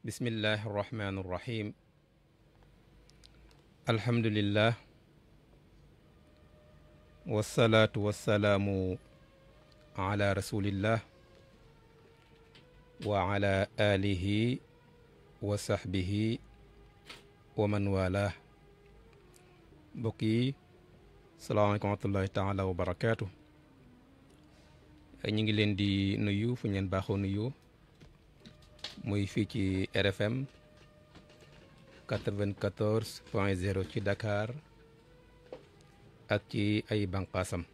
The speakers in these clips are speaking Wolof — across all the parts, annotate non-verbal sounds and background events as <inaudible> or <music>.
bismillahi irrahmani irrahim alhamdulillah wassalaatu wassalaamu ala rasulillah wa ala alihi wa sahbihi wa man walah mbokk yi salaamaaleykum wa rahmatullahi taala wa barakaatu ñu ngi leen di nuyu fu ñu leen nuyu muy fii ci RFM 94 point 0 ci dakaar ak ci ay banqaasam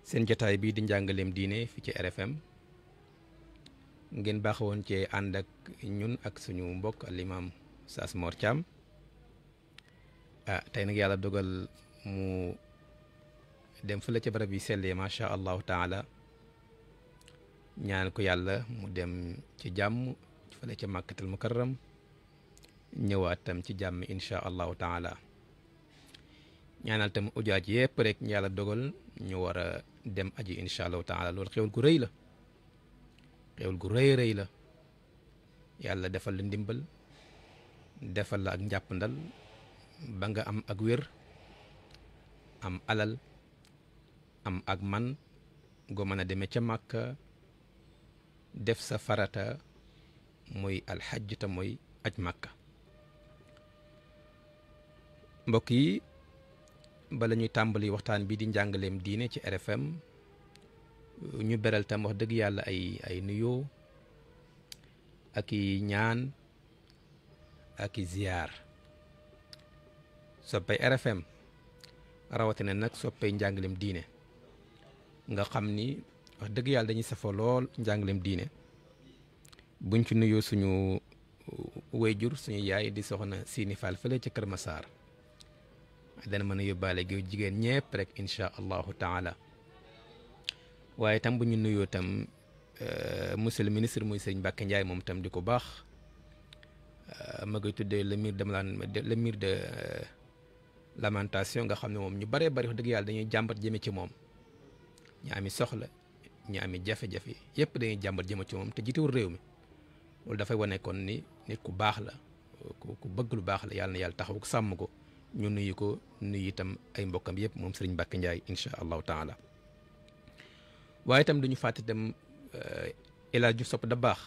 seen jotaay bii di njàngaleem diine fii ci RFM ngeen baaxawoon cee ànd ak ñun ak suñu mbokk alimaam Saas Mor Thiam ah tey nag yàlla dogal mu dem fële ca barab yi sellee macha allahu taala ñaan ko yàlla mu dem ci jàmm fële ca màkkatal mukarram ñëwaat tam ci jàmm incha allahu taala ñaanal tam ujaaj yépp rek yàlla dogal ñu war a dem aji incha allahu taala loolu xewal gu rëy la xewal gu rëy rëy la yàlla defal la ndimbal defal la ak njàppandal ba nga am ak wér am alal am ak man goo mën a demee ca màkka def sa farata mooy alxajj te mooy aj màkka mbokk yi bala ñuy tàmbali waxtaan bi di njàngaleem diine ci RFM ñu beral tam wax dëgg yàlla ay ay nuyoo ak i ñaan ak i ziyaar soppay RFM rawatina nag soppay njàngaleem diine nga xam ni wax dëgg yàlla dañuy safoo lool njàngaleem diine buñ ci nuyoo suñu uh, wayjur suñu yaay di soxna Sini Fall fële ca Kër Massar dana mën a yóbbaale gi jigéen ñëpp rek incha allahu taala waaye tam bu ñu nuyoo tam uh, monsieur le ministre muy sëñ Mbacke Ndiaye moom tam di ko baax uh, ma koy tuddee le mur de le mur de lamentation nga xam ne moom ñu baree bari wax dëgg yàlla dañuy jàmbat jëme ci moom ami soxla ñi amee jafe-jafe yëpp dañuy jàmbat jëma ci moom te jiitewul réew mi loolu dafay wane kon ni nit ku baax la ku bëgg lu baax la yàlla na yàlla taxaw ko sàmm ko ñu nuyu ko nuyu itam ay mbokkam yëpp moom sëriñ Mbàkke Njaay incha allahu taala waaye itam duñu fàtte itam euh, El Hadj Diouf Sopp da baax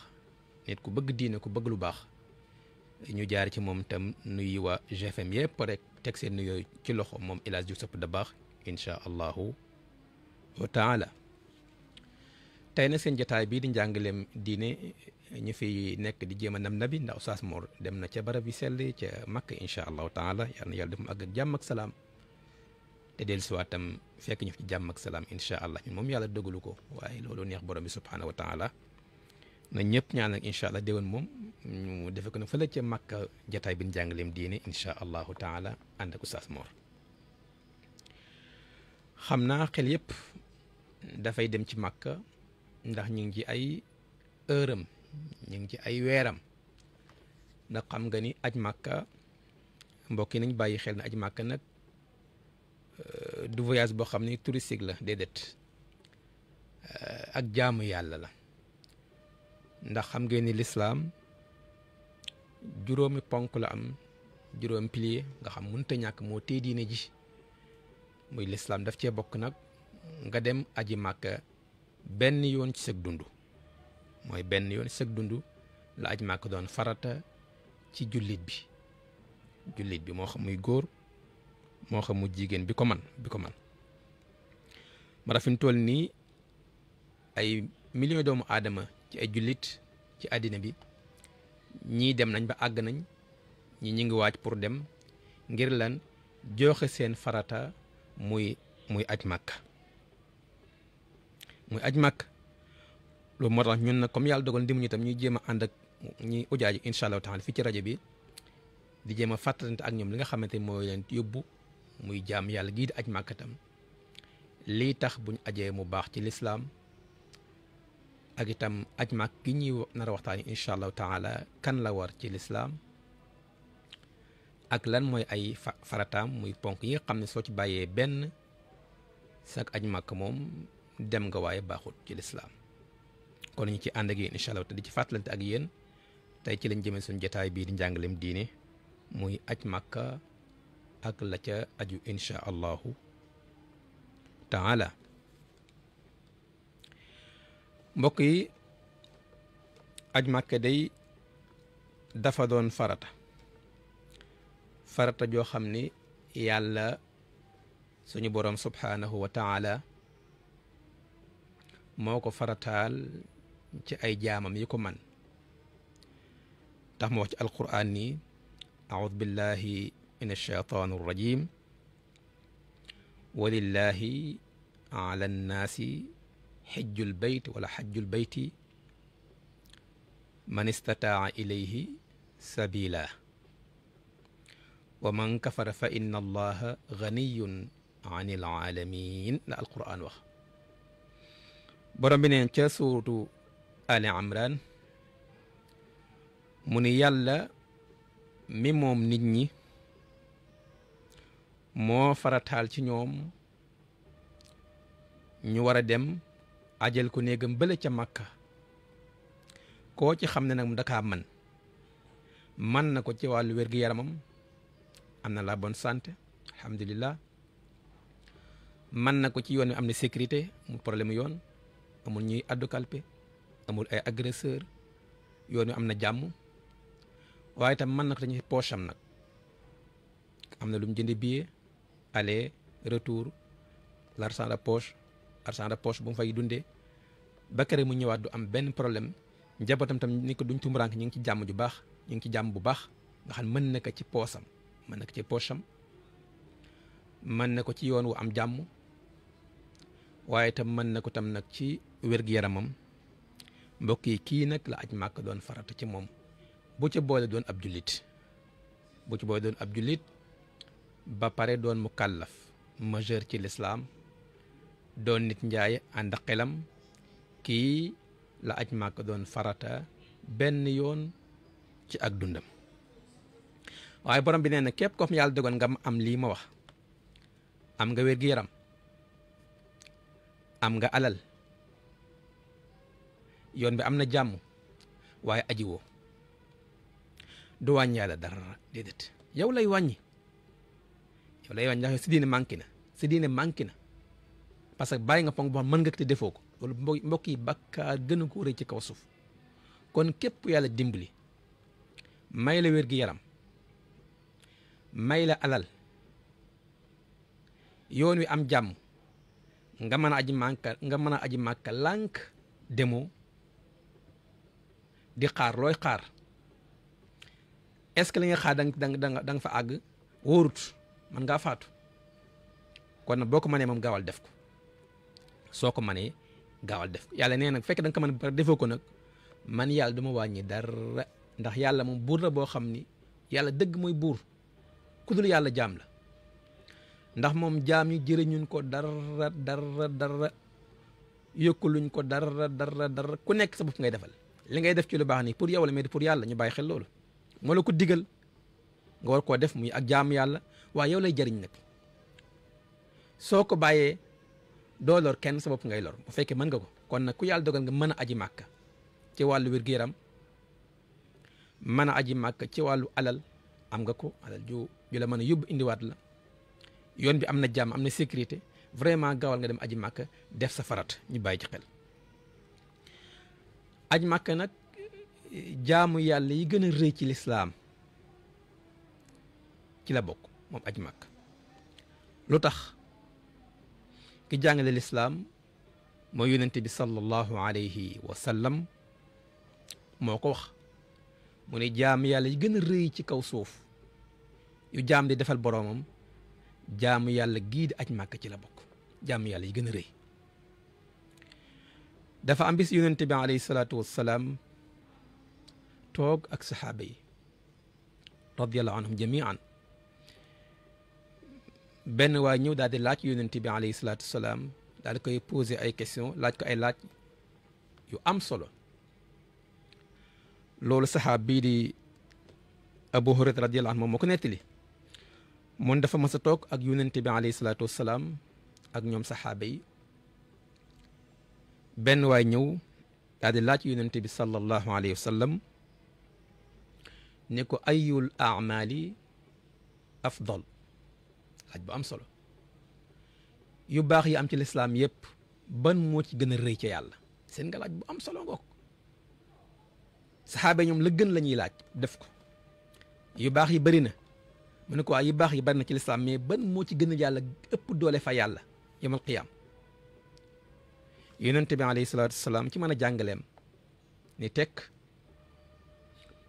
ku bëgg diine ku bëgg lu baax ñu jaar ci moom itam nuyu waa GFM yëpp rek teg seen nuyoo ci loxo moom El Hadj Diouf Sopp baax incha allahu taala tey nag seen jotaay bii di njàngaleem diine ñu fi nekk di jéem a nam nabi ndax Oustaz Mor dem na ca barab yi sell ca Makka incha allahu taala yal na yàlla def mu àgg ak jàmm ak salaam te dellusiwaat tam fekk ñu ci jàmm ak salaam incha allah moom yàlla dëggalu ko waaye loolu neex borom bi subhaanahu wa taala na ñëpp ñaan ak incha allah déwén moom ñu defe ko na fële ca Makka jotaay bi di njàngaleem diine incha allahu taala ànd ak Oustaz Mor xam naa xel yëpp dem ci Makka. ndax ñu ngi ci ay heure ñu ngi ci ay weeram ndax xam nga ni aj màkka mbokk yi nañ bàyyi xel na aj màkka nag euh, du voyage boo xam ni touristique la det euh, ak jaamu yàlla la ndax xam ngeen ni lislaam juróomi ponk la am juróomi pilier nga xam mënta ñàkk moo tee ji muy lislaam daf cee bokk nag nga dem aji màkka benn yoon ci sëg dund mooy benn yoon ci sëg dund la aj màkk doon farata ci jullit bi jullit bi moo xam muy góor moo xam mu jigéen bi ko man bi ko man ma rafim toll nii ay millions doomu aadama ci ay jullit ci àddina bi ñii dem nañ ba àgg nañ ñi ñu ngi waaj pour dem ngir lan joxe seen farata muy muy aj màkk muy aj màkk loolu moo tax ñun na comme yàlla dogal ndimuñu tam ñuy jéem a ànd ak ñi ujaaj incha allahu taala fii ci rajo bi di jéem a fàttalante ak ñoom li nga xamante ni mooy leen yóbbu muy jaam yàlla gii di aj màkk tam lii tax buñ ajee mu baax ci lislaam ak itam aj màkk gi ñuy nar a waxtaan incha allahu taala kan la war ci lislaam ak lan mooy ay farataam muy ponk yi nga xam ne soo ci bàyyee benn sak aj màkk moom dem nga waaye baaxut ci lislaam kon ñu ci ànd ak yéen incha allah te di ci fàttalante ak yéen tey ci lañ jëmee sun jotaay bii di njàngaleem diine muy aj màkka ak la ca aju incha allahu taala mbokk yi aj màkka day dafa doon farata farata joo xam ni yàlla suñu boroom subhaanahu wa taala moo ko farataal ci ay jaamam yi ko man tax ma ci alquraan ni audu billahi min alcheytaan arrajim walillahi ala annaasi xijju man istataa ilayhi sabila wa man kafara fa inna allaha ganiyun an alquraan wax borom bi ca suuratu Ali Imran mu ni yàlla mi moom nit ñi moo farataal ci ñoom ñu war a dem ajal ko néegam bële ca Makka koo ci xam ne nag mu dakaa man man na ko ci wàllu wér-gu-yaramam am na la bonne santé alhamdulillah man na ko ci yoon wi am na sécurité mu problème yoon amul ñuy addu kalpe amul ay agresseur yoon wi am na jàmm waaye tam mën na ko dañuy am nag am na lu mu jënd billet aller retour l'argent de poche argent poche bu mu fay dundee ba kere mu ñëwaat du am benn problème njabootam tam ni duñ tumuraank ñu ngi ci jàmm ju baax ñu ngi ci jàmm bu baax nga xam mën na ko ci poosam mën na ko ci poosam mën na ko ci yoon wu am jàmm tam mën na ko tam nag ci wér-gu-yaramam mbokk yi kii nag la aj màkk doon farata ci moom bu ci boole doon ab jullit bu ca boole doon ab jullit ba pare doon mu kàllaf majeur ci lislaam doon nit njaay ànd xelam kii la aj màkk doon farata benn yoon ci ak dundam waaye borom bi nee na képp ko xam yàlla dogoon nga am lii ma wax am nga wér-gu-yaram am nga alal yoon wi am na jàmm waaye aji woo du wàññi yàlla dara déedéet yow lay wàññi yow lay wàññi ndax si diine manqué na si diine manqué na parce que bàyyi nga ponk boo mën nga ko te defoo ko loolu mbokk yi bakkaar gën a ko rëy ci kaw suuf kon képp yàlla dimbali may la wér gi yaram may la alal yoon wi am jàmm nga mën a aji mànka nga mën a aji màkka lànk demoo di xaar looy xaar est-ce que li nga xaar da nga da nga fa àgg wóorut mën ngaa faatu kon nag boo ko mënee moom gaawal def ko soo ko mënee gaawal def ko yàlla nee nag fekk fekkee da nga ko mën ko nag man yàlla du ma wàññi dara ndax yàlla moom buur la boo xam ni yàlla dëgg mooy buur ku yàlla jaam la ndax moom jaam yi jëriñuñ ko dara dara dara yokku luñ ko dara dara dara ku nekk sa bopp ngay defal. li ngay def ci lu baax nii pour yow la mais pour yàlla ñu bàyyi xel loolu moo la ko digal nga war koo def muy ak jaam yàlla waaye yow lay jariñ nag soo ko bàyyee doo lor kenn sa bopp ngay lor bu fekkee mën nga ko kon nag ku yàlla dogal nga mën a aji màkk ci wàllu wér yaram mën a aji màkk ci wàllu alal am nga ko alal ju ju la mën a yóbbu indiwaat la yoon bi am na jàmm am sécurité vraiment gaawal nga dem aji màkk def sa farat ñu bàyyi ci xel aj makka nag jaamu yàlla yi gën a rëy ci lislaam ci la bokk moom aj makka lu tax ki jàngale lislaam mooy yonente bi sallallahu alayhi wa sallam moo ko wax mu ne jaam yàlla yi gën a rëy ci kaw suuf yu jaam di defal boroomam jaamu yàlla gii di aj màkk ci la bokk jaamu yàlla yi gën a rëy dafa am bis yonente bi alayhi salaatu wassalaam toog ak saxaaba yi radiallahu anhum jamian benn waay ñëw daal di laaj yonente bi alayhi salaatu wassalaam koy poser ay questions laaj ay laaj yu am solo loolu saxaab bii di abu hurayra radiallahu anhu moom moo ko nettali moon dafa mas a toog ak yonente bi alayhi salaatu ak ñoom saxaaba benn waay ñëw daal di laaj yonent bi sallallahu alayhi wa sallam ne ko ayul aamaali afdal laaj bu am solo yu baax yi am ci lislaam yëpp ban moo ci gën a rëy ca yàlla seen nga laaj bu am solo ngook saxaaba ñoom la gën la ñuy laaj def ko yu baax yi bari na mu ne ko waaye yu baax yi bëri na ci lislaam mais ban moo ci gën a yàlla ëpp doole fa yàlla yomal qiyaam yonente bi alayhi salaatu salaam ci mën a jàngaleem ni tekk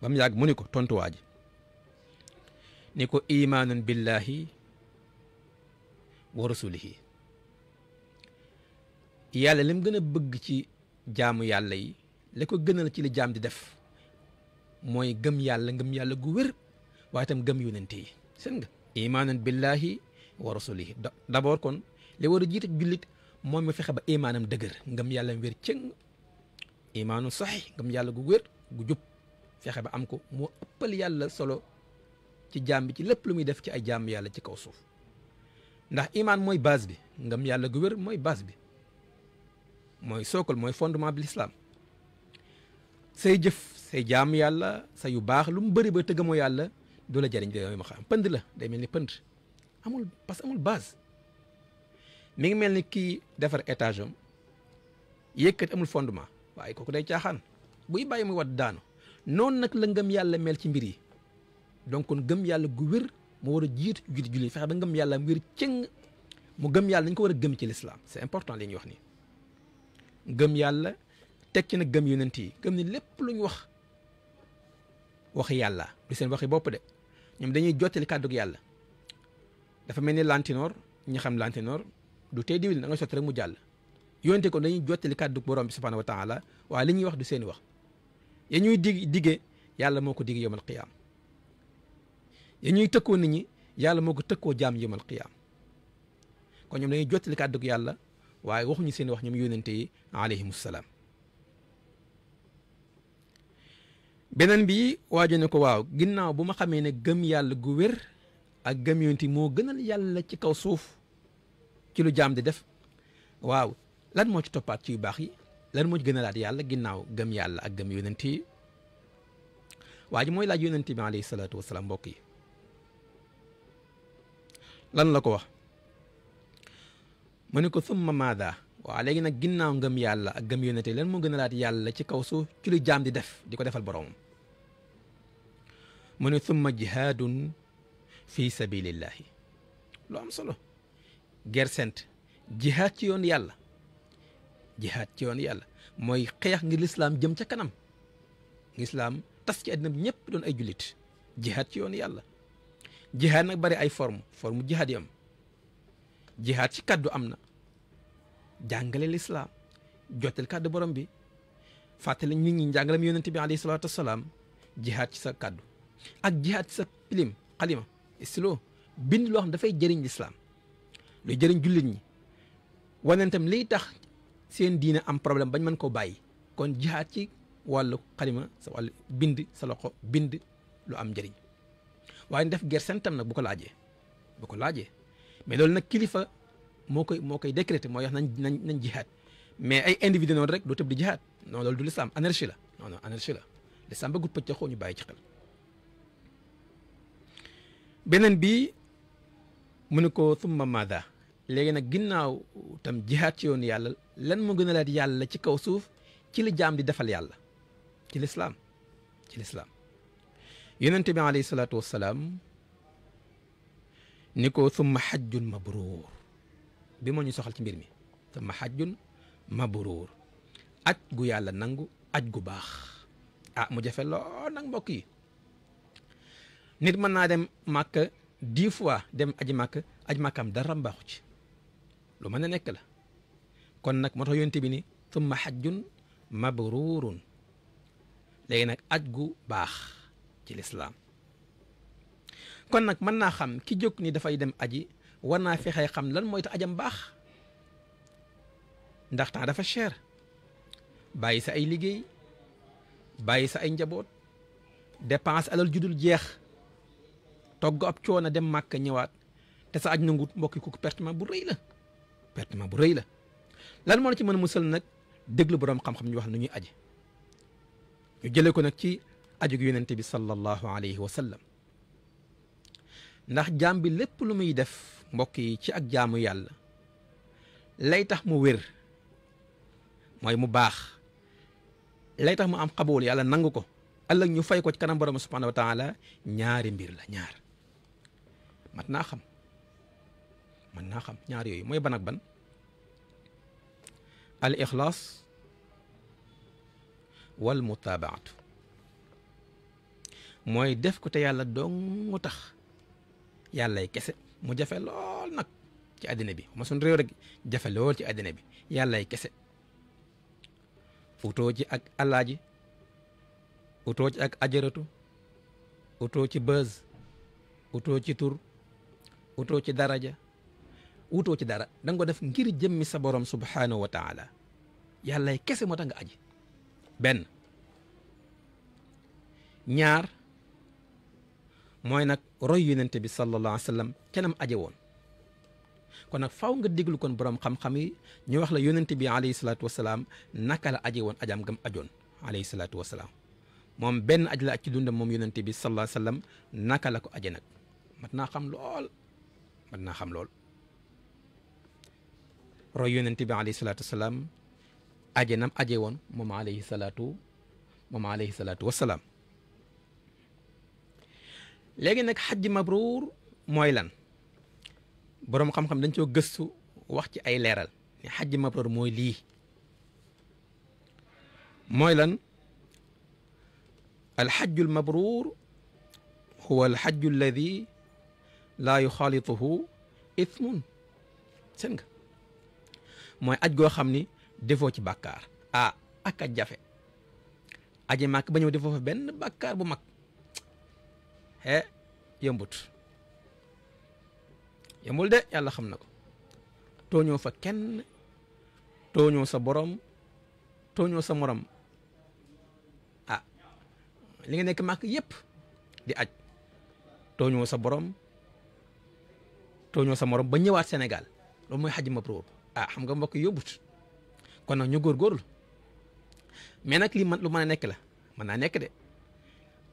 ba mu yàgg mu ni ko tontuwaa ji ni ko imaanun billahi wa rasulihi yàlla li gën a bëgg ci jaamu yàlla yi la ko gënal ci li jaam di def mooy gëm yàlla ngëm yàlla gu wér waaye itam gëm yonente yi seen nga imaanun billahi wa rasulihi d'abord kon li war a jullit moom mi fexe ba imaanam dëgër ngam yàlla wér cëng imaanu saxi ngam yàlla gu wér gu jub fexe ba am ko moo ëppal yàlla solo ci jaam bi ci lépp lu muy def ci ay jaam yàlla ci kaw suuf ndax imaan mooy baas bi ngëm yàlla gu wér mooy baas bi mooy sookal mooy fondement bi lislaam say jëf say jaam yàlla sa yu baax lu mu bëri ba tëggamoo yàlla du la jëriñ day ma xam pënd la day mel ni pënd amul parce amul base mi ngi mel ni kii defar étage am amul fondement waaye kooku day caaxaan buy bàyyi muy wadd daanu noonu nag la ngëm yàlla mel ci mbir yi donc kon gëm yàlla gu wér moo war a jiit julli julli fexe ba ngëm yàlla wér cëng mu gëm yàlla dañ ko war a gëm ci lislaam c'est important li ñuy wax nii gëm yàlla teg ci nag gëm yu yonent yi gëm ni lépp lu ñu wax waxi yàlla lu seen waxi bopp de ñoom dañuy jottali kàddug yàlla dafa mel ni lantinoor ñi xam lantinoor du tey diwlin da nga sotti rek mu jàll yonte kon dañuy jottali kàddu borom bi subhanahu wa taala waaye li ñuy wax du seeni wax ya ñuy digg diggee yàlla moo ko digg yowmal qiyaam ya ñuy tëkkoo nit ñi yàlla moo ko tëkkoo jaam yowmal qiyaam kon ñoom dañuy jottali kàddu yàlla waaye waxuñu seeni wax ñoom yonente yi alayhimu salaam beneen bi waajo ne ko waaw ginnaaw bu ma xamee ne gëm yàlla gu wér ak gëm yonent moo gënal yàlla ci kaw suuf ci lu jaam di def waaw lan moo ci toppaat ci yu baax yi lan moo ci gën a laat yàlla ginnaaw gëm yàlla ak gëm yonent yi waa ji mooy laaj yonent bi alayhi salaatu wasalaam mbokk yi lan la ko wax mu ne ko summa maadaa waaw léegi nag ginnaaw ngëm yàlla ak gëm yonent yi lan moo gën a laat yàlla ci kaw su ci lu jaam di def di ko defal boroomam mu ne summa jihaadun fi sabilillahi lu am solo gersent jihaat ci yoon yàlla jihaat ci yoon yàlla mooy xeex ngir lislaam jëm ca kanam lislaam tas ci àddina bi ñëpp doon ay jullit jihaat ci yoon yàlla jihaat nag bari ay forme forme jihaat yi am jihaat ci kàddu am na jàngale lislaam jottal kàddu borom bi fàttali nit ñi njàngalem yonente bi alayhi salaatu wasalaam jihaat ci sa kàddu ak jihaat ci sa pilim xalima stylo bind loo xam dafay jëriñ lislaam luy jëriñ jullit ñi wane tam liy tax seen diine am problème bañ man koo bàyyi kon jihaad ci wàllu xalima sa wàllu bind sa loxo bind lu am njëriñ waaye def ger seen tam nag bu ko laajee bu ko laajee mais loolu nag kilifa moo koy moo koy décrété mooy wax nañ nañ nañ jihaad mais ay individu noonu rek doo tëb di jihaad non loolu du lislaam anarchie la non non anarchie la lislaam bëggut pëcc ñu bàyyi ci xel beneen bi mu ne ko summa maada léegi nag ginnaaw tam jihaat ci yoonu yàlla lan moo gën a laat yàlla ci kaw suuf ci li jaam di defal yàlla ci lislaam ci lislaam yonent bi alayhi salaatu wassalaam ni ko summa xajjun mabruur bi moo ñu soxal ci mbir mi summa xajjun mabruur aj gu yàlla nangu aj gu baax a ah, mu jafe loo nag mbokk yi nit mën naa dem màkk di fois dem aji màkk aji màkkaam dara mbaaxu ci lu mën a nekk la kon nag moto tax yonte bi ni thumma xajjun mabruurun léegi nag aj gu baax ci lislaam kon nag mën naa xam ki jóg ni dafay dem aji war naa fexee xam lan mooy tax ajam baax ndax temps dafa cher bàyyi sa ay liggéey bàyyi sa ay njaboot dépense alal judul jeex togg ab coono dem màkk ñëwaat te sa aj nangut mbokki kooku pertement bu rëy la pertement bu rëy la lan moo la ci mën a musal nag déglu boroom xam-xam ñu wax nu ñuy aje ñu jëlee ko nag ci aju gu yonente bi sallallahu alayhi wa sallam ndax jaam bi lépp lu muy def mbokk yi ci ak jaamu yàlla lay tax mu wér mooy mu baax lay tax mu am xabool yàlla nangu ko ëllëg ñu fay ko ci kanam borom subhanahu wa taala ñaari mbir la ñaar mat naa xam mën naa xam ñaar yooyu mooy ban ak ban al ixlaas wal mutaabaatu mooy def ko te yàlla dong tax yàlla yàllay kese mu jafe lool nag ci àddina bi ma suñ réew rek jafe lool ci àddina bi yàllay kese utoo ci ak alaaji utoo ci ak ajaratu utoo ci bëz utoo ci tur utoo ci daraja wutoo ci dara danga ko def ngir jëmmi sa borom subhaanahu wa taala yàlla kese moo tax nga aji benn ñaar mooy nag roy yonente bi sallallahu alayhi wa sallam kenam aje woon kon nag faw nga déglu kon boroom xam-xam yi ñu wax la yonente bi alayhi salaatu wasalaam naka la aje woon ajaam gam ajoon alay salaatu wasalaam moom benn aj la aj ci dundam moom yonente bi sallallahu alayhi naka la ko aje nag mat naa xam lool mat naa xam lool roy yonent bi alayhi salaatu wasalaam aje nam aje woon moom alayhi salaatu moom alayhi salaatu wasalaam léegi nag xajj mabruur mooy lan boroom xam-xam dañ coo gëstu wax ci ay leeral ne xajj mabruur mooy lii mooy lan alxajju almabruur huwa alxajju alladi laa yuxaalituhu ithmun seen nga mooy aj goo xam ni defoo ci bàkkaar a ah, ak a jafe aj màkk ba ñëw defoo fa benn bàkkaar bu mag eh yëmbut yëmbul de yàlla xam na ko tooñoo fa kenn tooñoo sa borom tooñoo sa morom ah li nga nekk màkk yëpp di aj tooñoo sa borom tooñoo sa morom ba ñëwaat senegal loolu mooy xaj mabruur ah xam nga mbokk yóbbut kon nag ñu góor góorlu mais nag li man lu mën a nekk la mën naa nekk de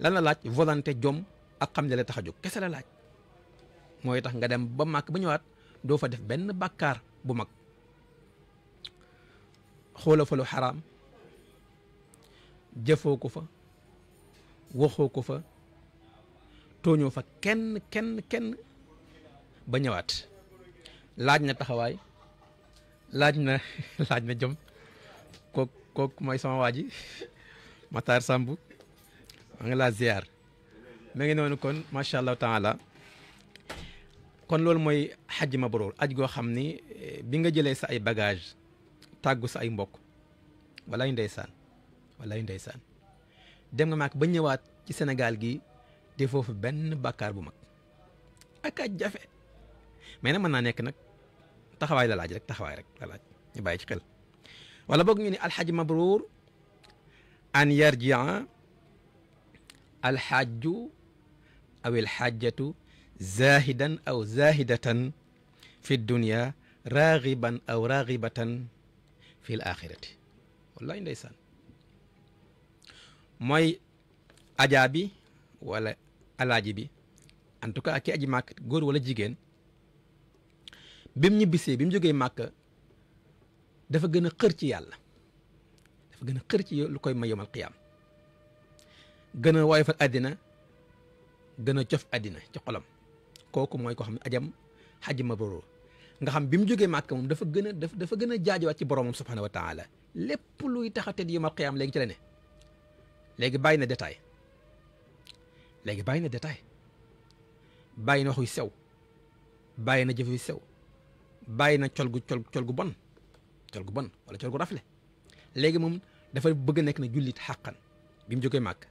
lan la laaj volonté jom ak xam ne la tax a jóg kese la laaj mooy tax nga dem ba màkk ba ñëwaat doo fa def benn bakkaar bu mag xoola fa lu xaraam jëfoo ko fa waxoo ko fa tooñoo fa kenn kenn kenn ba ñëwaat laaj na taxawaay laaj na <laughs> laaj na jom kook kook mooy sama waa ji <laughs> Matar Samb ngi laa ziar ma ngi noonu kon macha allah taala kon loolu mooy xaj mabroor aj goo xam ni eh, bi nga jëlee sa ay bagage tàggu sa ay mbokk walaay ndeysaan walaay ndeysaan dem nga maak ba ñëwaat ci Sénégal gi de foofu benn bàkkaar bu mag ak aj jafe mais nag mën naa nekk nag taxawaay la laaj rek taxawaay rek la laaj ñu bàyyi ci xel wala boog ñu ne alxaj mabruur an yarjia alxajju aw alxajjatu zahidan aw zahidatan fi dunia raagiban aw raagibatan fi l axirati wallaay ndeysaan mooy ajaa bi wala alaaji bi en tout cas ki aji màkk góor wala jigéen bi mu ñibbisee bi mu jógee màkk dafa gën a xër ci yàlla dafa gën a xër ci lu koy may yomal qiyaam gën a woyofal àddina gën a cof addina ci xolam kooku mooy ko xam ne ajam xaj mabrur nga xam bi mu jógee màkk moom dafa gën a daf dafa gën a jaajowaat ci boromam subhanahu wa taala lépp luy taxate di yomal qiyaam léegi ci la ne léegi bàyyi na détail léegi bàyyi na détail bàyyi na wax yu sew bàyyi na jëf yu sew bàyyi na col gu col col gu bon col gu bon wala col gu rafle léegi moom dafa bëgg a nekk na jullit xàqan bi mu jógee màgg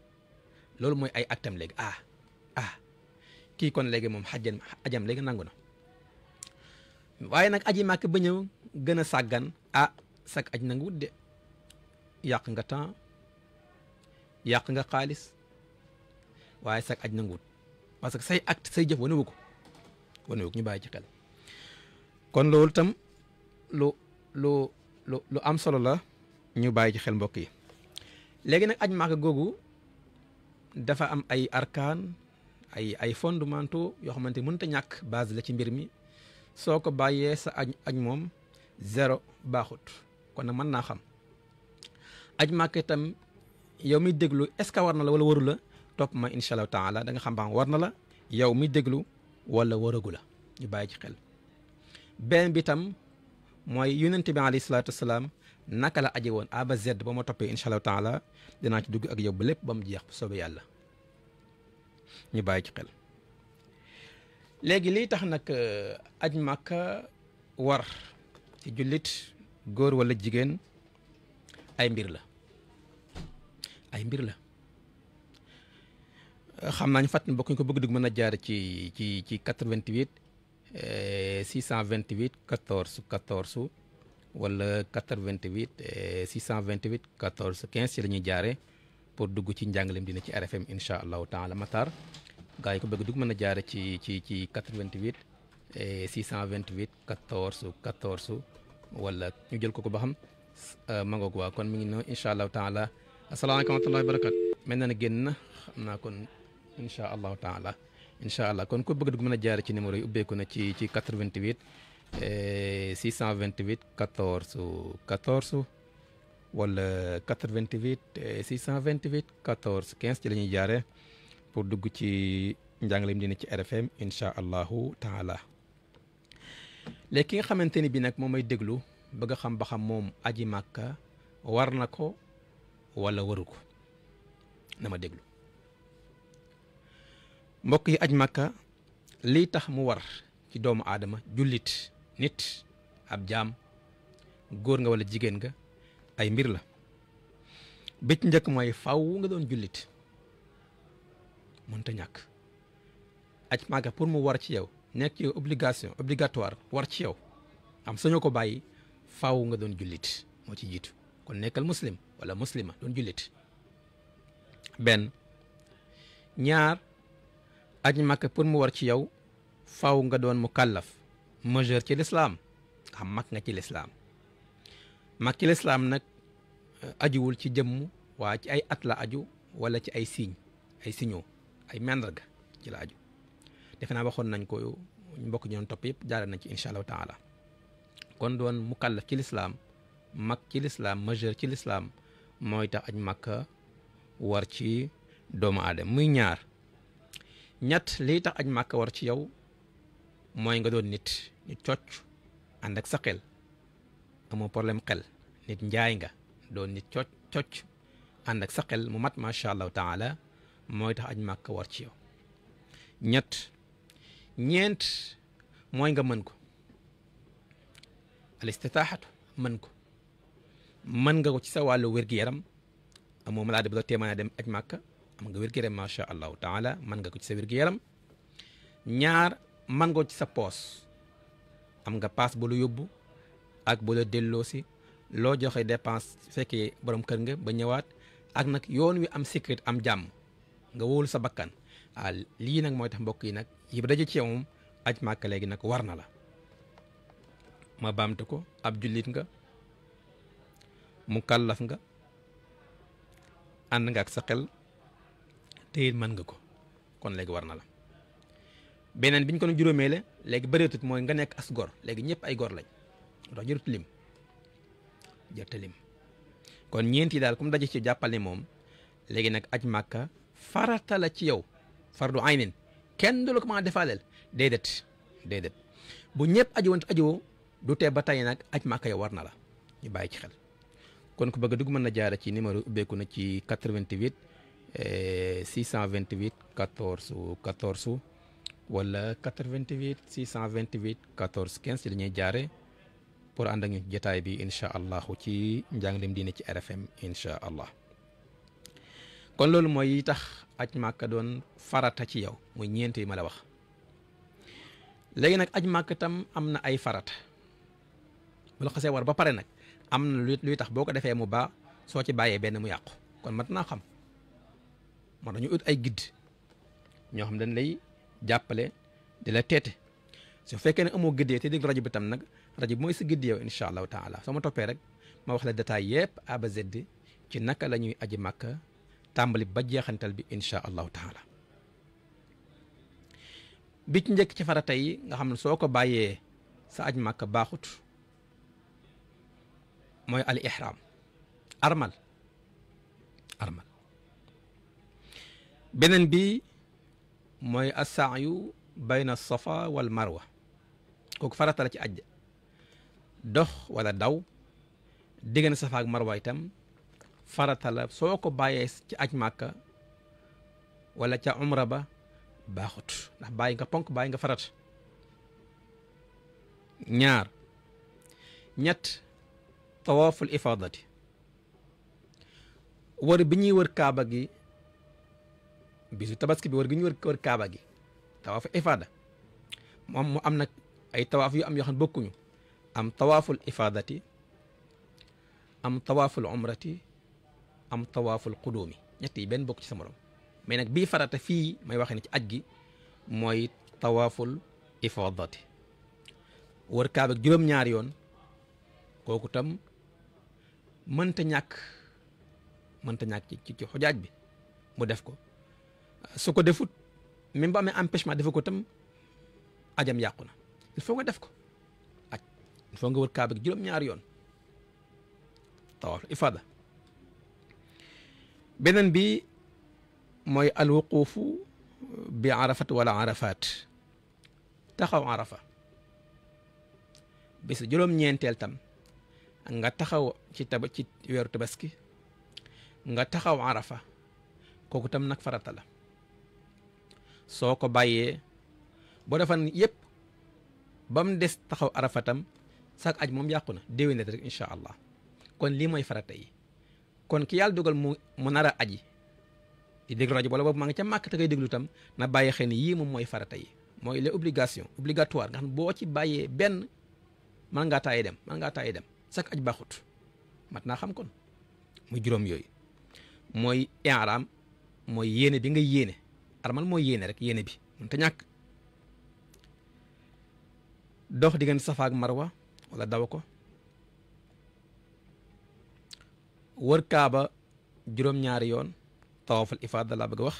loolu mooy ay actam léegi ah ah kii kon léegi moom xajjam ajam léegi nangu na waaye nag aji màkk ba ñëw gën a sàggan ah sag aj nangu wut de yàq nga temps yàq nga xaalis waaye sag aj nangu wut parce que say acte say jëf wane wu ko wane wu ñu bàyyi ci xel kon loolu tam lu lu lu lu am solo la ñu bàyyi ci xel mbokk yi léegi nag aj Màkka googu dafa am ay arkaan ay ay fondamentaux yoo xamante mënut a ñàkk baas la ci mbir mi soo ko bàyyee sa aj aj moom zéro baaxut kon nag mën naa xam aj Màkka itam yow mi déglu est-ce que war na la wala waru la topp ma incha allahu taala da nga xam war na la yow mi déglu wala waragu la ñu bàyyi ci xel. benn bi tam mooy yonent bi alayhi salaatu wasalaam naka la aje woon A ba Z ba ma toppee incha allahu taala dinaa ci dugg ak yow ba lépp ba mu jeex bu soobee yàlla ñu bàyyi ci xel. léegi liy tax nag euh, aj màkka war ci jullit góor wala jigéen ay mbir la ay mbir la xam naa ñu fàttali mbokk ñu ko bëgg dugg mën a jaar ci ci ci 88. 628 14 14 wala 88 628 14 15 ci la ñuy jaare pour dugg ci njàngaleem dina ci RFM incha allahu taala Matar gaa yi ko bëgg dugg mën a jaare ci ci ci 88 628 14 14 wala ñu jël ko ko ba xam eh, ma ngoog waa kon mi ngi noonu incha allahu taala asalaamaaleykum wa rahmatullahi wa barakatu mel na ne génn na xam naa kon incha allahu taala incha allah kon ku bëgg dugg mën a jaar ci numéro yi ubbeeku na ci ci 88 628 14 14 wala 88 628 14 15 ci la ñuy jaaree pour dugg ci njàngaleem dina ci RFM incha allahu taala léegi ki nga xamante ni bi nag moom may déglu bëgg a xam ba moom aji màkka war na ko wala waru ko na ma déglu mbokk yi aj màkka liy tax mu war ci doomu aadama jullit nit ab jaam góor nga walla jigéen nga ay mbir la bi njëkk mooy faw nga doon jullit mënta ñàkk aj màkka pour mu war ci yaw nekk ci obligation obligatoire war ci yow am sañoo ko bàyyi faw nga doon jullit moo ci jiitu kon nekkal muslim wala muslima doon jullit benn ñaar aj makk pour mu war ci yow faw nga doon mu kàllaf majeur ci lislaam xam mag nga ci lislaam mag ci lislaam nag euh, ajuwul ci jëmm waa ci ay at la aju wala ci ay signe ay signaux ay mandarga ci la aju defe naa waxoon nañ ko mbokk ñu doon topp yëpp jaare nañ ci incha allahu taala kon doon mukallaf ci lislaam mag ci lislaam majeur ci lislaam mooy tax aj màkka war ci doomu aadama muy ñaar ñett liy tax aj màkka war ci yow mooy nga doon nit ñu cocc ànd ak sa xel amoo problème xel nit njaay nga doon nit cocc cocc ànd ak sa xel mu mat macha allahu taala mooy tax aj màkka war ci yow ñett ñeent mooy nga mën ko al istitaaxatu mën ko mën nga ko ci sa wàllu wér-gi-yaram amoo malaade bu la téemaan dem aj màkka mën nga wér-gu-yaram macha allahu taala mën nga ko ci sa wér-gu-yaram ñaar mën nga ci sa poos am nga paas bu la yóbbu ak bu la delloo si loo joxe dépense fekkee borom kër nga ba ñëwaat ak nag yoon wi am sécurité am jàmm nga wóolu sa bakkan ah lii nag mooy tax mbokk yi nag yi ba daje ci moom aj màkk léegi nag war na la ma baamte ko ab jullit nga mu kàllaf nga ànd nga ak sa xel te mën nga ko kon léegi war na la beneen bi ñu ko doon juróomee la léegi bëreetut mooy nga nekk as gor léegi ñëpp ay gor lañ dox jërut lim jërta lim kon ñeent yi daal comme daje ci jàppal ne moom léegi nag aj màkka faratala la ci yow fardu aynin kenn du la ko mën a defaaleel déedéet déedéet bu ñëpp aju woon ajuwoo du tee ba tey nag aj màkka yow war na la ñu bàyyi ci xel kon ku bëgg dugg mën na jaara ci numéro ubbeeku na ci 88 et 628 14 14 wala 88 628 14 15 ci la ñuy jaare pour ànd ak ñu jotaay bi incha allah ci njàngaleem diine ci RFM incha allah kon loolu mooy yi tax aj màkka doon farata ci yow muy ñeent yi ma la wax léegi nag aj màkk tam am na ay farata bu la xasee war ba pare nag am na luy tax boo ko defee mu baax soo ci bàyyee benn mu yàqu kon mat naa xam. moo tax ñu ut ay guide ñoo xam dañ lay jàppale di la teete su fekkee ne amoo guide te dégg rajo bi tam nag rajo bi mooy sa guide yow incha allahu taala soo ma toppee rek ma wax la détail yëpp A ba ci naka lañuy ñuy aji màkka tàmbali ba jeexantal bi incha allahu taala bi ci njëkk ci farata tey nga xam ne soo ko bàyyee sa aj màkka baaxut mooy al ihram armal beneen bi mooy assaayu bayna safa wal marwa kooku farata ci aj ajj dox wala daw diggante safa ak marwa itam farata soo ko bàyyee ci aj màkka wala ca umra ba baaxut ndax bàyyi nga ponk bàyyi nga farat ñaar ñett tawaaful ifaadati wër bi ñuy wër kaaba gi bisu tabaski bi wër gi ñu wër wër kaaba gi tawaafu ifaada moom mu am nag ay tawaaf yu am yoo xam ne bokkuñu am tawaaful ifaadati am tawaaful umrati am tawaaful qudumi ñett yi benn bokk ci sa morom mais nag bii farata fii may waxee ne ci aj gi mooy tawaaful ifaadati wër kaaba gi juróom-ñaari yoon kooku tam mënta ñàkk mënta ñàkk ci ci xujaaj bi mu def ko su ko defut même bu amee empêchement defe ko tam ajam yàqu na il faut nga def ko aj il faut nga wër kaaba gi juróom-ñaari yoon tawaaf ifada beneen bi mooy alwuquufu bi arafat wala arafat taxaw arafa bis juróom-ñeenteel tam nga taxaw ci taba ci weeru tabaski nga taxaw arafa kooku tam nag farata la soo ko bàyyee boo defan yëpp ba mu des taxaw arafatam sax aj moom yàqu na déwénate rek incha allah kon lii mooy farata yi kon ki yàlla dugal mu mu nar a aji di déglu rajo la boobu maa ngi ca màkk te koy déglu tam na bàyyi xel yii moom mooy farata yi mooy les obligation obligatoire nga xam boo ci bàyyee benn mën ngaa dem mën dem sax aj baaxut mat naa xam kon mu juróom yooyu mooy ihram mooy yéene bi nga yéene. armal mooy yéene rek yéene bi mënut a ñàkk dox diggante safa marwa walla daw ko wër kaaba juróom-ñaari yoon tawaful ifaada laa wax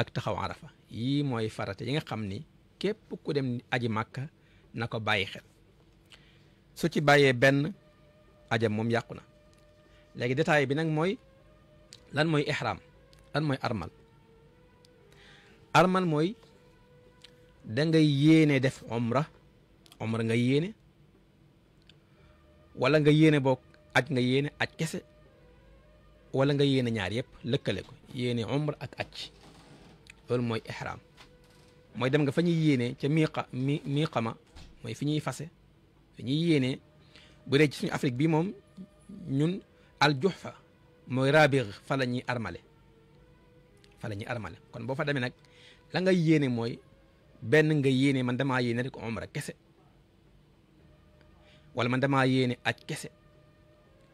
ak taxaw arafa yii mooy farata yi nga xam ni képp ku aji màkka na ko bàyyi xel su ci bàyyee benn ajam moom yàqu na léegi détail bi nag mooy lan mooy ihram lan mooy armal armal mooy da ngay yéene def omra omra nga yéene wala nga yéene boog aj nga yéene aj kese wala nga yéene ñaar yëpp lëkkale ko yéene omra ak aj loolu mooy ihram mooy dem nga fa ñuy yéene ca miiqa mi miiqama mooy fi ñuy fase fi ñuy yéene bu dee ci suñu Afrique bi moom ñun aljuhfa mooy rabir fa la ñuy armale fa la ñuy armale kon boo fa demee nag la nga yéene mooy benn nga yéene man damaa yéene rek umra kese wala man damaa yéene aj kese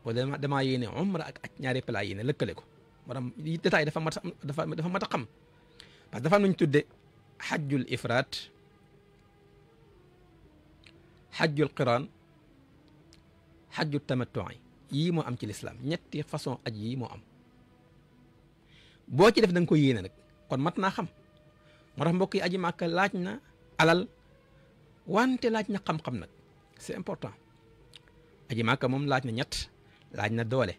walla damaa yéene umra ak aj ñaari plat yéene lëkkale ko maanaam détail dafa mat dafa dafa mat a xam parce que dafa am nañ tudde xajjul ifraat xajjul qiraan xajju tamattu'i yii moo am ci lislaam ñetti façon aj yii moo am boo ci def da nga ko yéene nag kon mat naa xam moo tax mbokk yi aji màkka laaj na alal wante laaj na xam-xam nag c'est important aji màkka moom laaj na ñett laaj na doole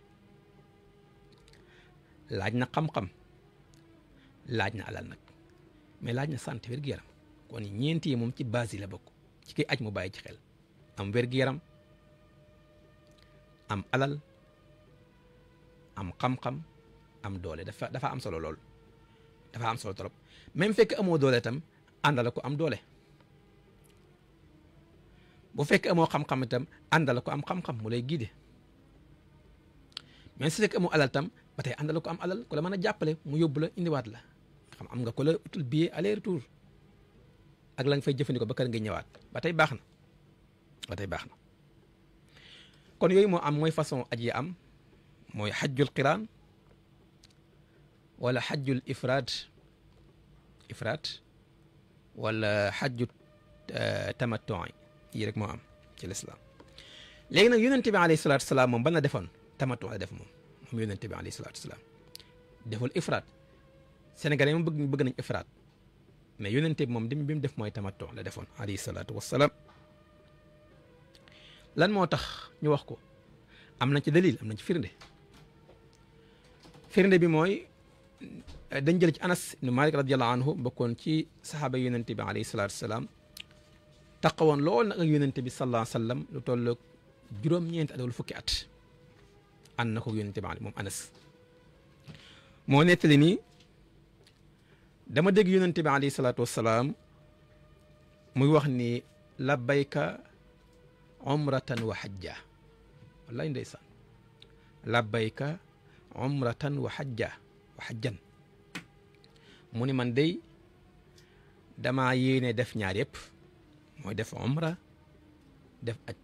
laaj na xam-xam laaj na alal nag mais laaj na santé wér yaram kon ñeenti yi moom ci base yi la bokk ci ki aj mu bàyyi ci xel am wér yaram am alal am xam-xam am doole dafa dafa am solo lool dafa am solo trop même fekk amoo doole tam àndala ko am doole bu fekk amoo xam-xam itam àndala ko am xam mu lay guider mais su fekk amoo alal itam ba tey àndala ko am alal ku la mën a jàppale mu yóbbu la indiwaat la xam am nga ko la utul billet aller retour ak la nga fay jëfandikoo ba kër nga ñëwaat ba tey baax na ba tey baax na kon yooyu moo am mooy façon aj yi am mooy xajjul qiraan wala xajjul ifraad ifraat wala xajju euh, tamattu yi rek moo am ci lislaam léegi nag yonente bi alayhi salaatu salaam moom ban la defoon tamattu la def moom moom yonente bi alayhi salaatu salaam deful ifraat sénégalais moom bëgg bëgg nañ ifraat mais yonente bi moom dim bi mu def mooy tamattu la defoon alayhi salaatu wassalaam moo tax ñu wax ko am na ci dalil am na ci firnde firnde bi mooy dañ jël ci anas ni malik radiallahu anhu bokkoon ci saxaaba yonente bi alayhi salatu wasalaam taqawoon lool nag ak yonente bi sallallahu sallam lu tolloog juróom-ñeenti at wala fukki at ànd na ko yonente bi moom anas moo nettali nii dama dégg yonente bi alayhi salaam muy wax ni labbayka umratan wa hajja wallaay ndeysaan labbayka umratan wa hajja wa hajjan mu ni man dey dama yéene def ñaar yëpp mooy def omra def aj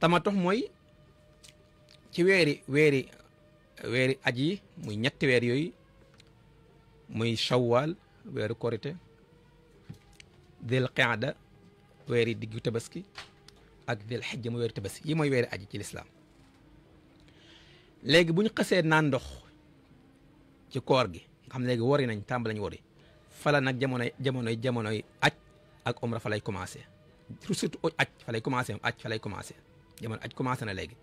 tamatox mooy ci weeri weeri weeri aj yi muy ñetti weer yooyu muy shawwal weeru korite dil qaada weeri diggu tabaski ak dil xijja mu weeru tabaski yi mooy weeri aj ci lislaam léegi bu ñu xasee naan ndox ci koor gi xam ne léegi wari nañ tàmbali nañ wari fala nag jamonoy jamonoy jamonoy aj ak umra fa lay commencé surtout aj fa lay commencé aj fa lay commencé jamono aj commencé na léegi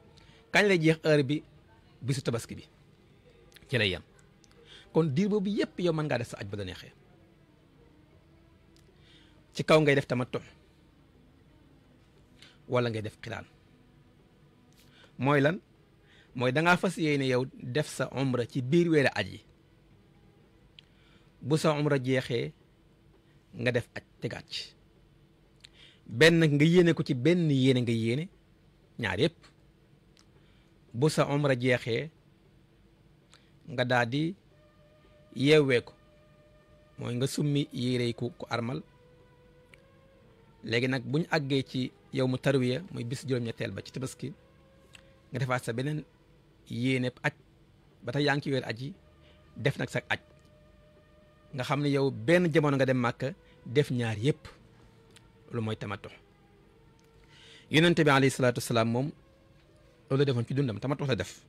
kañ lay jeex heure bi bisu tabaski bi ci lay yem kon diir boobu yëpp yow mën ngaa def sa aj ba la neexee ci kaw ngay def tamattu wala ngay def xiraan mooy lan mooy danga fas yéene yow def sa umra ci biir weeri aj yi bu sa umra jeexee nga def aj tegaat ci benn nga yéene ko ci benn yéene nga yéene ñaar yëpp bu sa umra jeexee nga daal di yeewee ko mooy nga summi yérey ku ku armal léegi nag bu ñu àggee ci yow mu tarwiya muy bis juróom-ñetteel ba ci tabaski nga defaat sa beneen yéene aj ba tax yaa ngi ci weer aj yi def nag sa aj nga xam ne yow benn jamono nga dem màkk def ñaar yëpp lu mooy tamato yonent bi alayhi salaatu wasalaam moom loolu la defoon ci dundam tamattu la def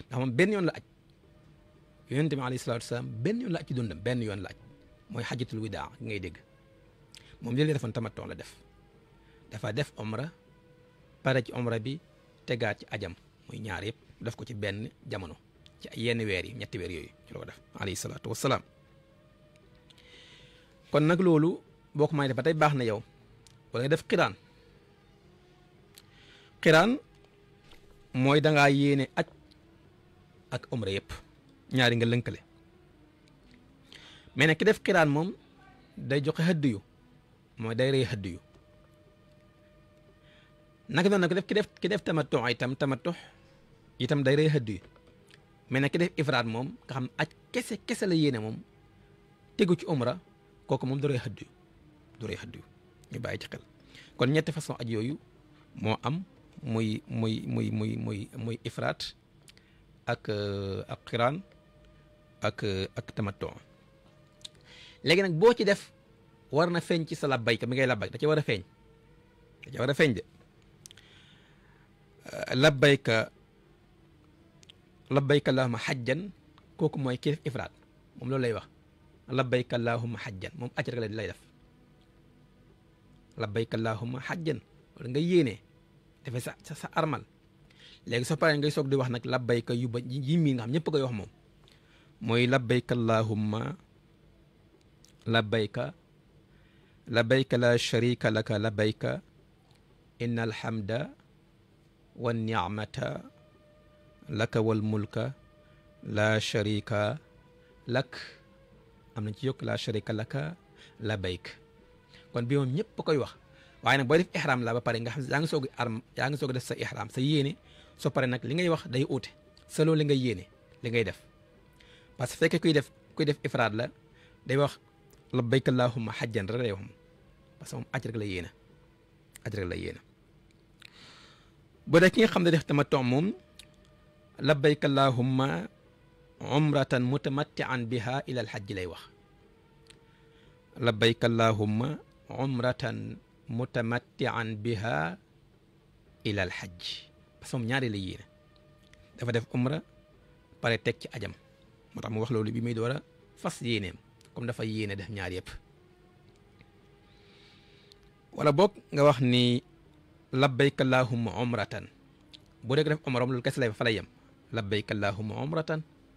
ndax moom benn yoon la aj yonent bi alayhi salaatu la aj ci dundam benn yoon la aj mooy xajatul widaa ngay dégg moom li la defoon tamatoo la def dafa def omra pare ci omra bi tegaat ci ajam muy ñaar yëpp def ko ci benn jamono ci yenn weer yi ñetti weer yooyu ci la ko def alayhi salaatu wasalaam kon nag loolu boo ko may def ba tey baax na yow wala nga def xiraan xiraan mooy dangaa yéene aj ak omra yëpp ñaari nga lënkale mais nag ki def xiraan moom day joxe xëdd yu mooy day rey xëdd yu naka noonu nag ki def ki def tamattu itam tamattu itam day rey xëdd yu mais ki def ifraat moom nga xam aj kese kese la yéene moom tegu ci omra kooku moom doray xaddiyu doray ñu bàyyi ci xel kon ñetti façon aj yooyu moo am muy muy muy muy muy muy ifraat ak ak xiraan ak ak léegi nag boo ci def war na feeñ ci sa labbayka bi ngay labbayk da ci war a feeñ war a feeñ de euh, labbayka labbayka allahumma xajjan kooku mooy kii def ifraat moom loolu lay wax labbayka allahumma xajjan moom aj rek lay def labbayka allahumma xajjan wala nga yéene defee sa sa armal léegi soo paree ngay soog di wax nag labbayka yu ba yi mii nga xam ñëpp koy wax moom mooy labbayka allahumma labbayka labbayka la sharika laka labbayka inna alhamda wa ni'mata laka la sharika lak am na ci yokk laa sharika laka labayk kon bi moom ñëpp koy wax waaye nag boo def ihram la ba pare nga xam yaa ngi soog soog def sa ihram sa yéene soo pare nag li ngay wax day uute selon li ngay yéene li ngay def parce que fekkee kuy def def ifraad la day wax labbayk allahumma xajjan rek wax parce que moom aj rek la yéene aj rek la yéene bu dee ki nga def tama moom labbayk umratan mutamattian biha ila alxajji lay wax labbayka allahumma umratan mutamattian biha ila alxajj parce que moom ñaari la yéene dafa def umra pare teg ci ajam moo tax mu wax loolu bi muy door a fas yéeneem comme dafa yéene def ñaar yëpp wala boog nga wax ni labbayka allahumma umratan bu dee def umra loolu kese lay fa lay yem labbayka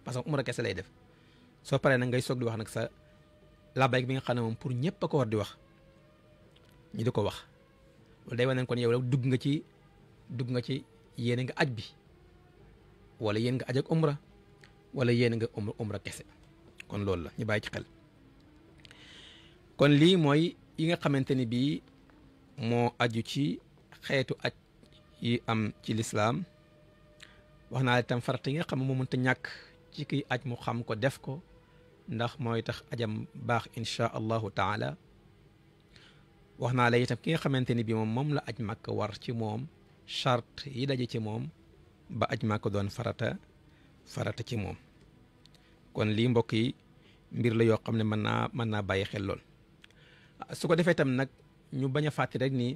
parce que umra kese lay def soo paree nag ngay soog di wax nag sa labbayk bi nga xam ne moom pour ñëpp ko war di wax ñu di ko wax loolu day wane dugg nga ci dugg nga ci yéene nga aj bi wala yéen nga aj ak wala yéen nga umra umra kese kon loolu la ñu bàyyi ci kon lii mooy yi nga xamante ni bii moo aju ci xeetu aj yi am ci lislaam wax naa tam farata yi nga xam ne moo mënta ñàkk ci kiy aj mu xam ko def ko ndax mooy tax ajam baax inchaa allahu taala wax naa la itam ki nga xamante ni bi moom moom la aj màkk war ci moom charte yi daje ci moom ba aj màkk doon farata farata ci moom kon lii mbokk yi mbir la yoo xam ne mën naa mën naa bàyyi xel lool su ko defee tam nag ñu bañ a fàtte rek ni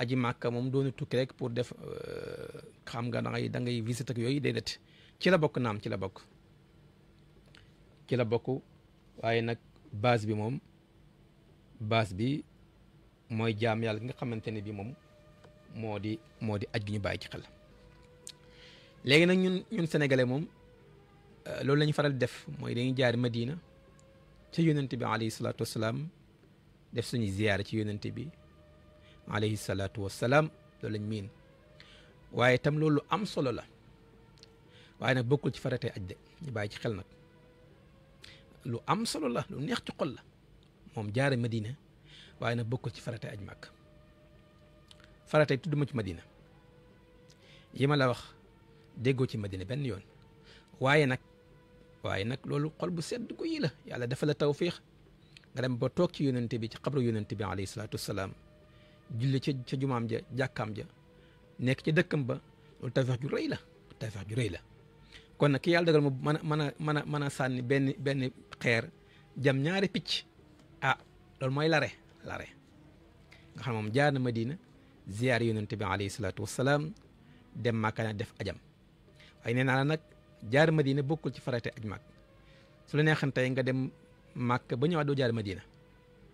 aji màkka moom doonu tukki rek pour def euh, xam nga da ngay da ngay visite ak yooyu déedéet ci la bokk naam ci la bokk ci la bokk waaye nag baas bi moom baas bi mooy jaam yàlla gi nga xamante ne bi moom moo di moo di aj gi ñu bàyyi ci xel léegi nag ñun ñun sénégalais moom euh, loolu la ñu faral def mooy dañuy jaar Madina ci yonent bi alayhi salaatu def suñu ziyaar ci yonent bi alayhi salaatu wasalaam loolu lañ miin waaye tam loolu am solo la waaye nag bokkul ci faratee aj de ñu bàyyi ci xel nag lu am solo la lu neex ci xol la moom jaare Madina waaye nag bokkul ci faratee aj màkk faratee tudduma ci Madina yi ma la wax déggoo ci Madina benn yoon waaye nag waaye nag loolu xol bu sedd ko yi la yàlla dafa la tawfiix nga dem ba toog ci yonente bi ci xabru yonente bi alayhi salaatu wasalaam julli ca ca jumaam ja jàkkaam ja nekk ci dëkkam ba loolu tawfiix ju la tawfiix ju la kon nag ki yàlla dogal ma mën a mën a mën a mën a sànni benn benn xeer jam ñaari picc ah loolu mooy lare lare nga xam moom jaar na Madina ziyaar yonent bi alayhi salaatu wasalaam dem Màkka def ajam waaye nee naa la nag jaar Madina bokkul ci farate aj màkk su ne neexan tey nga dem Màkka ba ñëwaat doo jaar Madina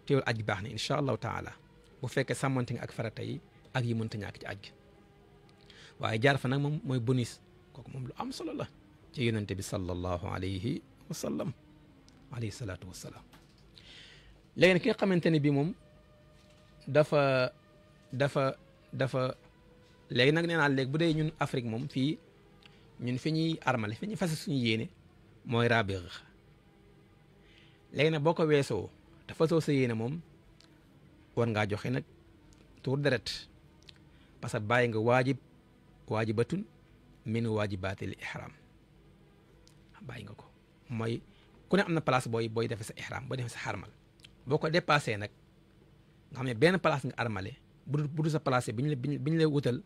teewul aj baax na incha allahu taala bu fekkee sàmmante nga ak farata yi ak yi mënta ñàkk ci aj waaye jaar fa nag moom mooy bonus kooku moom lu am solo la ci yonente bi sallallahu alayhi wa sallam alayhi salaatu wa salaam léegi nag nga xamante ne bi moom dafa dafa dafa léegi nag nee naa léegi bu dee ñun Afrique moom fii ñun fi ñuy armale fi ñuy fase suñu yéene mooy raabir léegi nag boo ko weesoo dafa fasoo sa yéene moom war ngaa joxe nag tuur deret parce que bàyyi nga waajib waajibatun min waajibaati l ihram bàyyi nga ko mooy ku ne am na place booy booy defe sa ihram boo defe sa xarmal boo ko dépassé nag nga xam ne benn place nga armale bu dul sa place bi ñu la bi ñu lay wutal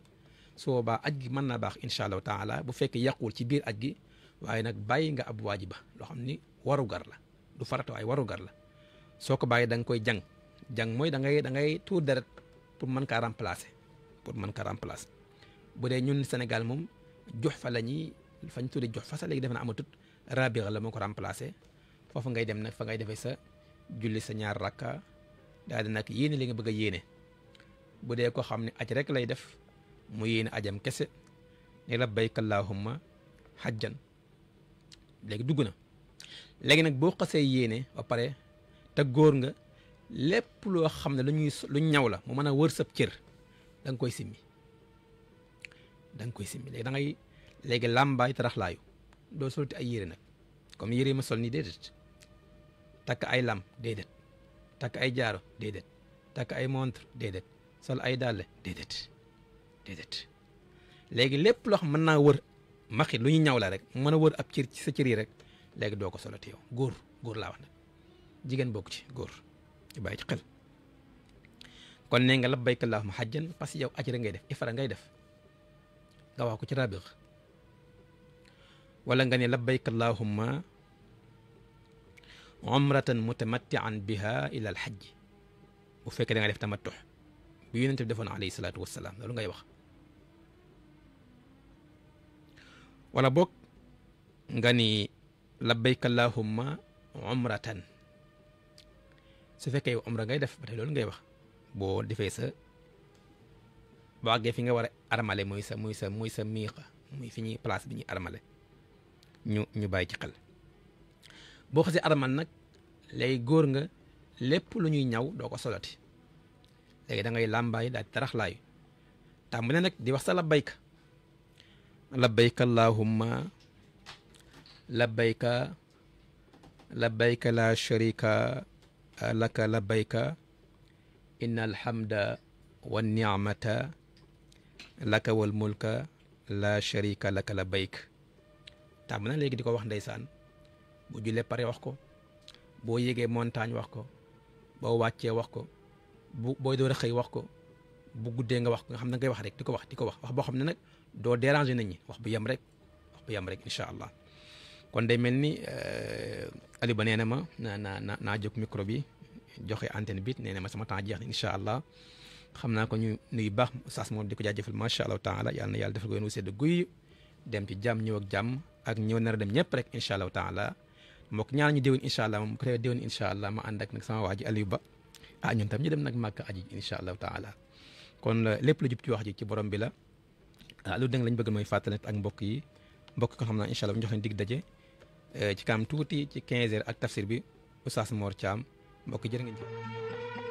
su boobaa aj gi mën naa baax incha allahu taala bu fekkee yàquwul ci biir aj gi waaye nag bàyyi nga ab ba loo xam ni warugar la du farata waaye warugar la soo ko bàyyi danga koy jàng jàng mooy da ngay da ngay tuur deret pour mën kaa remplacer pour mën kaa remplacer bu dee ñun Sénégal moom jox fa la ñuy fañ tuddee jox fa sax léegi defe naa amatut rabira la moo ko remplacé foofu ngay dem nag fa ngay defee sa julli sa ñaar rakka daal nag yéene li nga bëgg yéene bu dee ko xam ne aj rek lay def mu yéene ajam kese ne labbayka allahumma xajjan léegi dugg na léegi nag boo xasee yéene ba pare te góor nga lépp loo xam ne lu ñuy ñaw la mu mën a wër sab cër danga koy simmi da koy simmi léegi da ngay léegi làmbaay taraxlaayu doo solti ay yére nag comme yére yi ma sol nii déedéet takk ay lam déedéet takk ay jaaro déedéet takk ay montre déedéet sol ay dàll déedéet déedéet léegi lépp loo xam mën naa wër maxit lu ñu ñaw la rek mën a wër ab cër ci sa cër rek léegi doo ko solati yow góor góor laa wax nag jigéen bokk ci góor ci bàyyi ci xel kon nee nga labbayka allahumma hajjan parce que yow aj rek ngay def ifara ngay def nga wax ko ci rabix wala nga ne labbayk allahumma umratan mutamattian biha ila al xajj bu fekkee da nga def tamatux bi yonent bi defoon alayhi salaatu wasalaam loolu ngay wax wala boog nga ni labbayk allahumma umratan su fekkee umra ngay def ba tey loolu ngay wax boo defee sa boo àggee fi nga war a armale mooy sa mooy sa mooy sa miiqa muy fi ñuy place bi ñuy armale ñu ñu bàyyi ci xel boo xasee armal nag léegi góor nga lépp lu ñuy ñaw doo ko solati léegi dangay ngay làmbaay daal taraxlaayu tàmm ne nag di wax sa labbayka labbayka allahumma labbayka labbayka la sharika laka labbayka inna alhamda wa ni'mata laka wal mulka la sharika laka labbayka tàmm na léegi di ko wax ndeysaan boo jullee pare wax ko boo yegee montagne wax ko boo wàccee wax ko bu boo door xëy wax ko bu guddee nga wax ko nga xam ne ngay wax rek di ko wax di ko wax wax boo xam ne nag doo déranger nit wax bu yem rek wax bu yem rek incha allah kon day mel ni euh, Aliou ba nee na ma naa naa naa jóg micro bi joxe antenne bi nee na ma sama temps jeex na incha allah xam naa ko ñu nuyu baax saas moom di ko jaajëfal macha allah taala yàlla na yàlla defal ko yéen wu sedd guy dem ci jàmm ñëw ak jàmm. ak ñëw nar dem ñëpp rek incha allahu taala mbokk ñaan ñu déwén incha allah moom ko tey ma ànd ak nag sama waa ji Ba ah ñun tam ñu dem nag màkk aji incha allahu taala kon euh, lépp lu jub ci wax ji ci borom bi la ah lu dëng lañ bëgg mooy fàttali ak mbokk yi mbokk ko xam naa incha allah ñu jox leen dig daje euh, ci kaam tuuti ci quinze heures ak tafsir bi Oustaz Mor Thiam mbokk jërë ngeen jëf